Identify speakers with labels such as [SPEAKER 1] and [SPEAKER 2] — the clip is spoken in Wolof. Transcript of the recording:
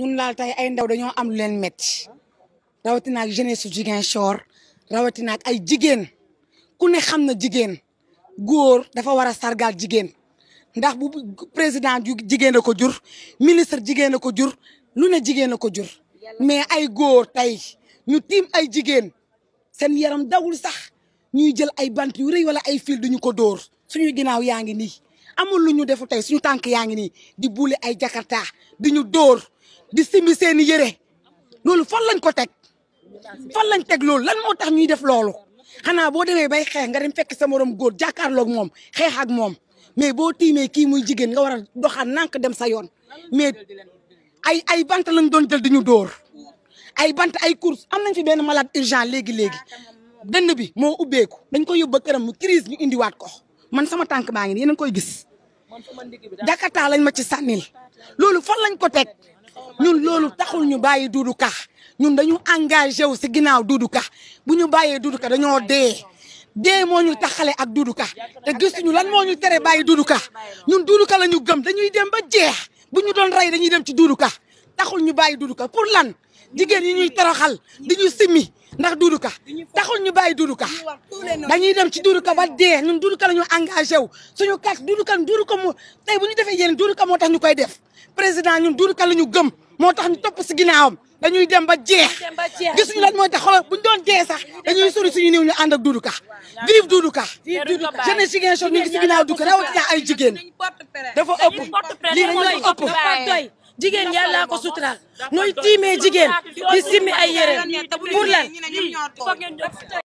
[SPEAKER 1] ñun laal tey ay ndaw dañoo am lu leen métti rawatina ak jeunesse su Ziguinchor rawatina ak ay jigéen ku ne xam na jigéen góor dafa war a sargal jigéen ndax bu président jigéen ko jur ministre jigéen ko jur lu ne jigéen ko jur mais ay góor tey ñu tiim ay jigéen seen yaram dawul sax ñuy jël ay bant yu wala ay fil duñu ko dóor suñu ginaaw yaa ngi nii amul lu ñu defu tey suñu tànk yaa ngi nii di buule ay jakarta di ñu dóor di simbi seeni yére loolu fan lañ ko teg fan lañ teg loolu lan moo tax ñuy def loolu xanaa boo demee bay xeex nga dem fekk sa morom góor jàkkaarloog moom xeex ak moom mais boo tiimee kii muy jigéen nga war a doxaan nànk dem sa yoon mais ay ay bant lañ doon jël di ñu dóor ay bant ay course am nañ fi benn malade urgent léegi léegi dënn bi moo ubbeeku dañ ko yóbbu ba këram mu crise ñu indiwaat ko man sama tànk baa ngi nii yéen a koy gis. jakarta lañ ma ci sànnil loolu fan lañ ko teg. ñun loolu taxul ñu bàyyi Doudou Ka ñun dañu engagé wu si ginnaaw Doudou Ka bu ñu bàyyee Doudou Ka dañoo dee dee moo ñu taxale ak Doudou Ka te gisuñu lan moo ñu tere bàyyi Doudou Ka ñun Doudou Ka la ñu gëm dañuy dem ba jeex bu ñu doon rey dañuy dem ci Doudou Ka taxul ñu bàyyi Doudou Ka pour lan jigéen yi ñuy toroxal di ñu simmi ndax Doudou Ka taxul ñu bàyyi Doudou Ka dañuy dem ci Doudou Ka ba dee ñun Doudou Ka la ñu engagé wu suñu kat Doudou Ka Doudou Ka moo tey bu ñu defee yéen Doudou Ka tax ñu koy def président ñun Doudou Ka la ñu gëm moo tax ñu topp si ginnaawam dañuy dem ba jeex gisuñu lan mooy tax xoolal bu ñu doon jeex sax dañuy sori suñu néew ñu ànd ak Doudou Ka vive Doudou Ka jeunesse Ziguinchor ñu ngi si ginnaaw Doudou Ka rawatina ay jigéen dafa ëpp lii dañu dafa ëpp jigéen yàlla ko suturaal nooy tiimee jigéen di simmi ay yére pour lan